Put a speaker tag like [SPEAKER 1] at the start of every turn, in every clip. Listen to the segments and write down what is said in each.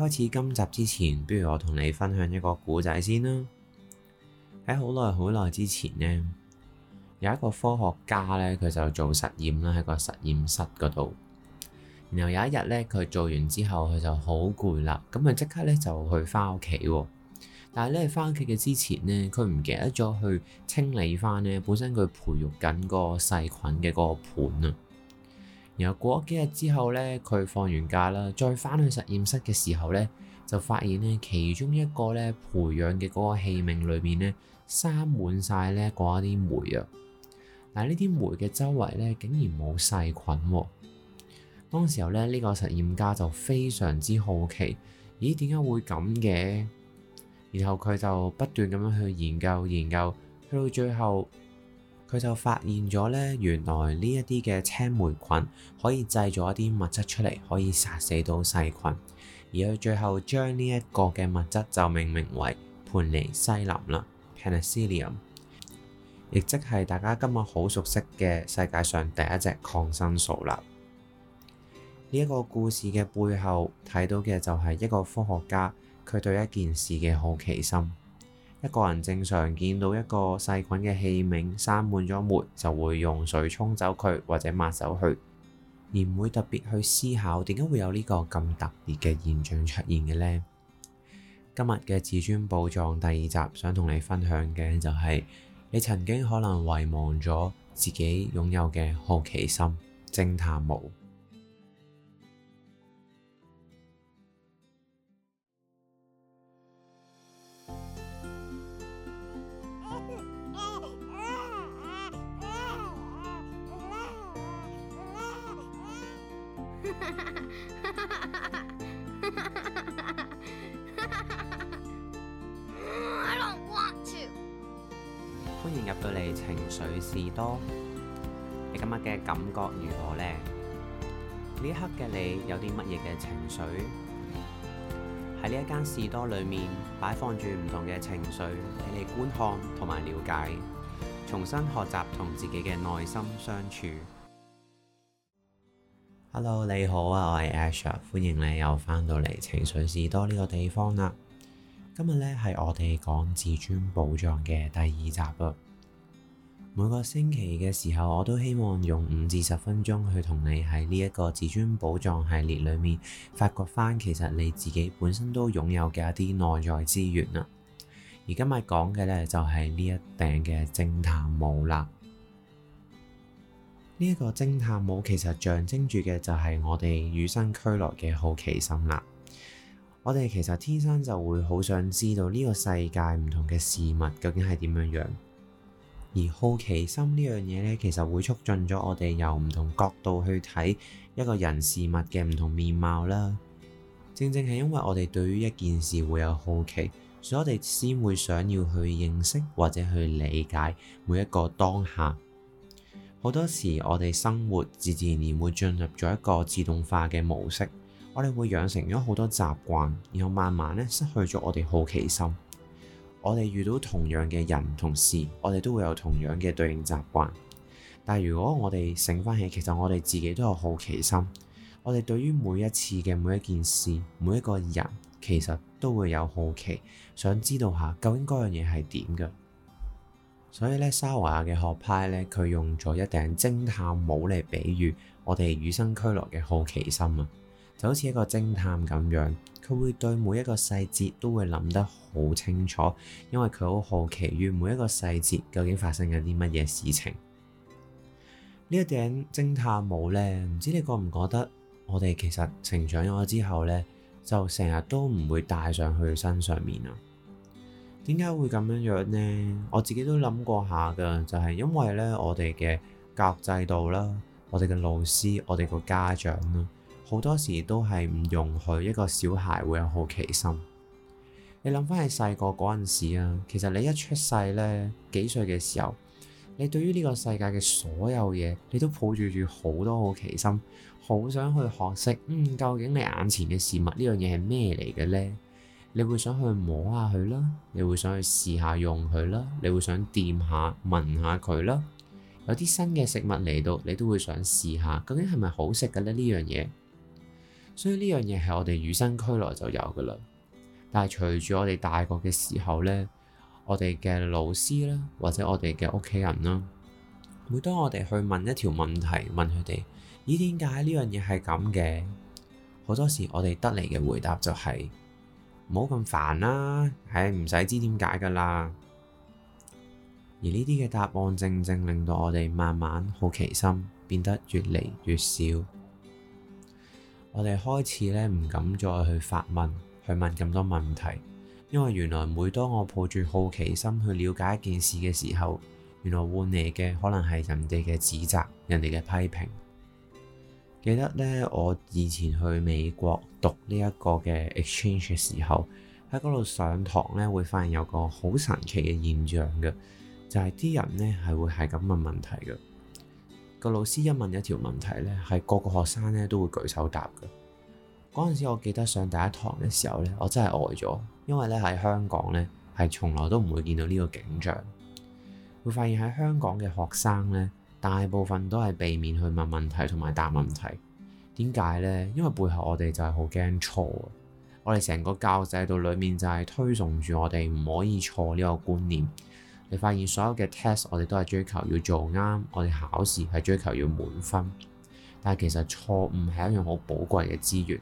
[SPEAKER 1] 開始今集之前，不如我同你分享一個故仔先啦。喺好耐好耐之前呢，有一個科學家呢，佢就做實驗啦，喺個實驗室嗰度。然後有一日呢，佢做完之後，佢就好攰啦，咁咪即刻呢就去翻屋企。但係呢，翻屋企嘅之前呢，佢唔記得咗去清理翻呢本身佢培育緊個細菌嘅個盤啊。然後過咗幾日之後咧，佢放完假啦，再翻去實驗室嘅時候咧，就發現咧其中一個咧培養嘅嗰個器皿裏面咧，生滿晒咧嗰啲霉啊。但係呢啲霉嘅周圍咧，竟然冇細菌，哦。當時候咧，呢、這個實驗家就非常之好奇，咦，點解會咁嘅？然後佢就不斷咁樣去研究研究，去到最後。佢就發現咗呢，原來呢一啲嘅青霉菌可以製造一啲物質出嚟，可以殺死到細菌，而佢最後將呢一個嘅物質就命名為盤尼西林啦 Penicillin 亦即係大家今日好熟悉嘅世界上第一隻抗生素啦。呢一個故事嘅背後睇到嘅就係一個科學家佢對一件事嘅好奇心。一個人正常見到一個細菌嘅器皿生滿咗沫，就會用水沖走佢或者抹走佢，而唔會特別去思考點解會有呢個咁特別嘅現象出現嘅呢？今日嘅自尊寶藏第二集，想同你分享嘅就係、是、你曾經可能遺忘咗自己擁有嘅好奇心偵探帽。歡迎入到嚟情緒士多，你今日嘅感覺如何呢？呢一刻嘅你有啲乜嘢嘅情緒？喺呢一間士多裏面擺放住唔同嘅情緒，俾你觀看同埋了解，重新學習同自己嘅內心相處。Hello，你好啊，我係 Asher，歡迎你又翻到嚟情緒士多呢個地方啦。今日呢，係我哋講自尊寶藏嘅第二集啦。每個星期嘅時候，我都希望用五至十分鐘去同你喺呢一個自尊寶藏系列裏面發掘翻，其實你自己本身都擁有嘅一啲內在資源啦。而今日講嘅呢，就係呢一頂嘅偵探帽啦。呢一個偵探帽其實象徵住嘅就係我哋與生俱來嘅好奇心啦。我哋其實天生就會好想知道呢個世界唔同嘅事物究竟係點樣樣，而好奇心呢樣嘢呢，其實會促進咗我哋由唔同角度去睇一個人事物嘅唔同面貌啦。正正係因為我哋對於一件事會有好奇，所以我哋先會想要去認識或者去理解每一個當下。好多時我哋生活自自然然會進入咗一個自動化嘅模式。我哋會養成咗好多習慣，然後慢慢咧失去咗我哋好奇心。我哋遇到同樣嘅人同事，我哋都會有同樣嘅對應習慣。但係如果我哋醒翻起，其實我哋自己都有好奇心。我哋對於每一次嘅每一件事、每一個人，其實都會有好奇，想知道下究竟嗰樣嘢係點㗎。所以咧，沙華亞嘅學派咧，佢用咗一頂偵探帽嚟比喻我哋與生俱來嘅好奇心啊。就好似一個偵探咁樣，佢會對每一個細節都會諗得好清楚，因為佢好好奇於每一個細節究竟發生緊啲乜嘢事情。呢一頂偵探帽呢，唔知你覺唔覺得，我哋其實成長咗之後呢，就成日都唔會戴上去身上面啊？點解會咁樣樣呢？我自己都諗過下噶，就係因為呢，我哋嘅教育制度啦，我哋嘅老師，我哋個家長啦。好多時都係唔容許一個小孩會有好奇心。你諗翻起細個嗰陣時啊，其實你一出世呢，幾歲嘅時候，你對於呢個世界嘅所有嘢，你都抱住住好多好奇心，好想去學識。嗯，究竟你眼前嘅事物呢樣嘢係咩嚟嘅呢？你會想去摸下佢啦，你會想去試下用佢啦，你會想掂下、聞下佢啦。有啲新嘅食物嚟到，你都會想試下究竟係咪好食嘅呢？呢樣嘢。所以呢樣嘢係我哋與生俱來就有噶啦，但係隨住我哋大個嘅時候咧，我哋嘅老師啦，或者我哋嘅屋企人啦，每當我哋去問一條問題，問佢哋，咦，點解呢樣嘢係咁嘅？好多時我哋得嚟嘅回答就係，是，唔好咁煩啦，唉，唔使知點解噶啦。而呢啲嘅答案，正正令到我哋慢慢好奇心變得越嚟越少。我哋開始咧唔敢再去發問，去問咁多問題，因為原來每當我抱住好奇心去了解一件事嘅時候，原來換嚟嘅可能係人哋嘅指責、人哋嘅批評。記得咧，我以前去美國讀呢一個嘅 exchange 嘅時候，喺嗰度上堂咧，會發現有個好神奇嘅現象嘅，就係啲人咧係會係咁問問題嘅。個老師一問一條問題呢，係個個學生咧，都會舉手答嘅。嗰陣時，我記得上第一堂嘅時候呢，我真係呆咗，因為呢，喺香港呢，係從來都唔會見到呢個景象。會發現喺香港嘅學生呢，大部分都係避免去問問題同埋答問題。點解呢？因為背後我哋就係好驚錯。我哋成個教育制度裡面就係推崇住我哋唔可以錯呢個觀念。你發現所有嘅 test，我哋都係追求要做啱，我哋考試係追求要滿分。但係其實錯誤係一樣好寶貴嘅資源，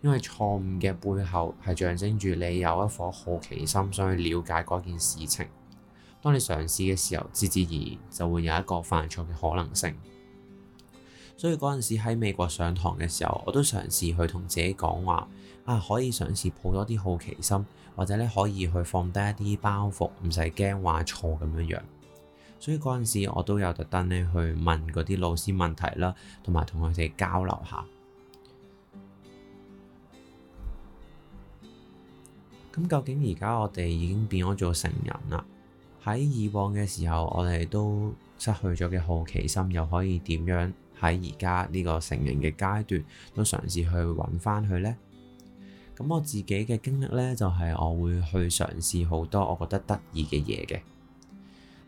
[SPEAKER 1] 因為錯誤嘅背後係象徵住你有一顆好奇心，想去了解嗰件事情。當你嘗試嘅時候，自自然然就會有一個犯錯嘅可能性。所以嗰陣時喺美國上堂嘅時候，我都嘗試去同自己講話啊，可以嘗試抱多啲好奇心，或者咧可以去放低一啲包袱，唔使驚話錯咁樣樣。所以嗰陣時我都有特登咧去問嗰啲老師問題啦，同埋同佢哋交流下。咁究竟而家我哋已經變咗做成人啦，喺以往嘅時候，我哋都失去咗嘅好奇心，又可以點樣，喺而家呢個成人嘅階段，都嘗試去揾翻佢呢？咁我自己嘅經歷呢，就係、是、我會去嘗試好多我覺得得意嘅嘢嘅。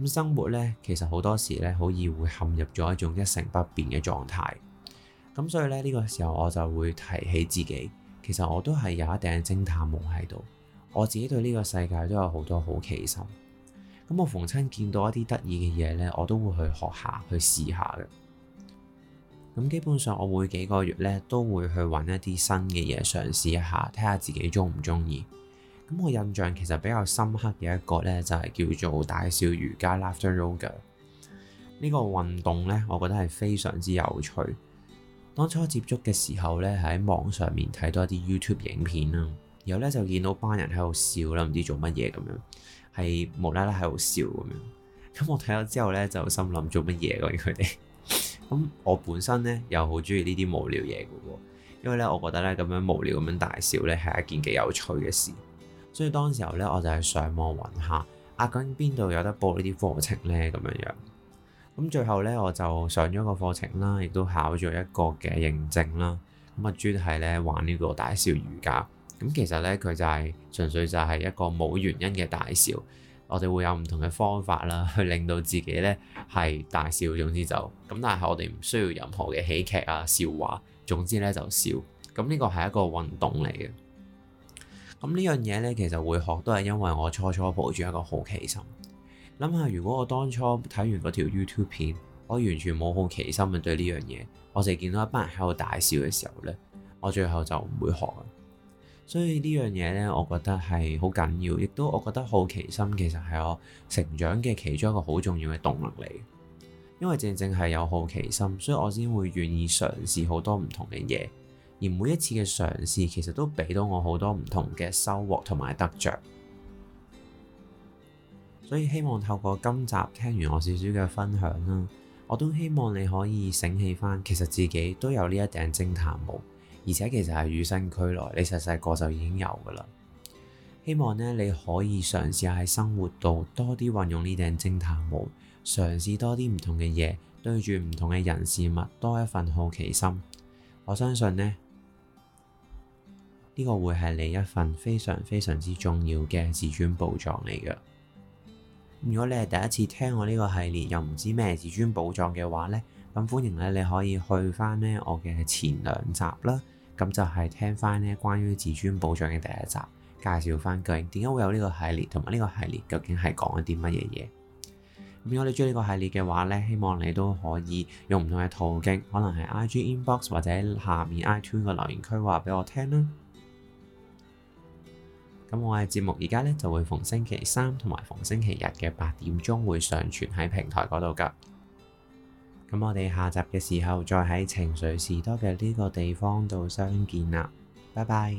[SPEAKER 1] 咁生活呢，其實好多時呢，好易會陷入咗一種一成不變嘅狀態。咁所以呢，呢、這個時候我就會提起自己，其實我都係有一頂偵探帽喺度。我自己對呢個世界都有好多好奇心。咁我逢親見到一啲得意嘅嘢呢，我都會去學下去試下嘅。咁基本上我每幾個月咧都會去揾一啲新嘅嘢嘗試一下，睇下自己中唔中意。咁我印象其實比較深刻嘅一個咧就係叫做大笑瑜伽 （laughter r o g e r 呢個運動咧，我覺得係非常之有趣。當初接觸嘅時候咧，喺網上面睇多啲 YouTube 影片啦，然後咧就見到班人喺度笑啦，唔知做乜嘢咁樣，係無啦啦喺度笑咁樣。咁我睇咗之後咧，就心諗做乜嘢㗎？佢哋。咁、嗯、我本身咧又好中意呢啲無聊嘢嘅喎，因為咧我覺得咧咁樣無聊咁樣大笑咧係一件幾有趣嘅事，所以當時候咧我就係上網揾下啊，究竟邊度有得播呢啲課程咧咁樣樣，咁、嗯、最後咧我就上咗個課程啦，亦都考咗一個嘅認證啦，咁啊專係咧玩呢個大笑瑜伽，咁、嗯、其實咧佢就係、是、純粹就係一個冇原因嘅大笑。我哋會有唔同嘅方法啦，去令到自己呢係大笑。總之就咁，但係我哋唔需要任何嘅喜劇啊、笑話。總之呢，就笑。咁呢個係一個運動嚟嘅。咁呢樣嘢呢，其實會學都係因為我初初抱住一個好奇心。諗下如果我當初睇完嗰條 YouTube 片，我完全冇好奇心對呢樣嘢，我淨係見到一班人喺度大笑嘅時候呢，我最後就唔會學啊。所以呢樣嘢呢，我覺得係好緊要，亦都我覺得好奇心其實係我成長嘅其中一個好重要嘅動能嚟。因為正正係有好奇心，所以我先會願意嘗試好多唔同嘅嘢，而每一次嘅嘗試其實都俾到我好多唔同嘅收穫同埋得着。所以希望透過今集聽完我少少嘅分享啦，我都希望你可以醒起返，其實自己都有呢一頂偵探帽。而且其實係與生俱來，你細細個就已經有噶啦。希望呢，你可以嘗試下喺生活度多啲運用呢頂偵探帽，嘗試多啲唔同嘅嘢，對住唔同嘅人事物多一份好奇心。我相信呢，呢個會係你一份非常非常之重要嘅自尊寶藏嚟嘅。如果你係第一次聽我呢個系列，又唔知咩自尊寶藏嘅話呢，咁歡迎你可以去翻咧我嘅前兩集啦。咁就係聽翻咧關於自尊寶藏嘅第一集，介紹翻究竟點解會有呢個系列，同埋呢個系列究竟係講一啲乜嘢嘢。如果你中意呢個系列嘅話呢，希望你都可以用唔同嘅途徑，可能係 I G inbox 或者下面 iTune 個留言區話俾我聽啦。咁我嘅節目而家呢，就會逢星期三同埋逢星期日嘅八點鐘會上傳喺平台嗰度噶。咁我哋下集嘅時候再喺情緒士多嘅呢個地方度相見啦，拜拜。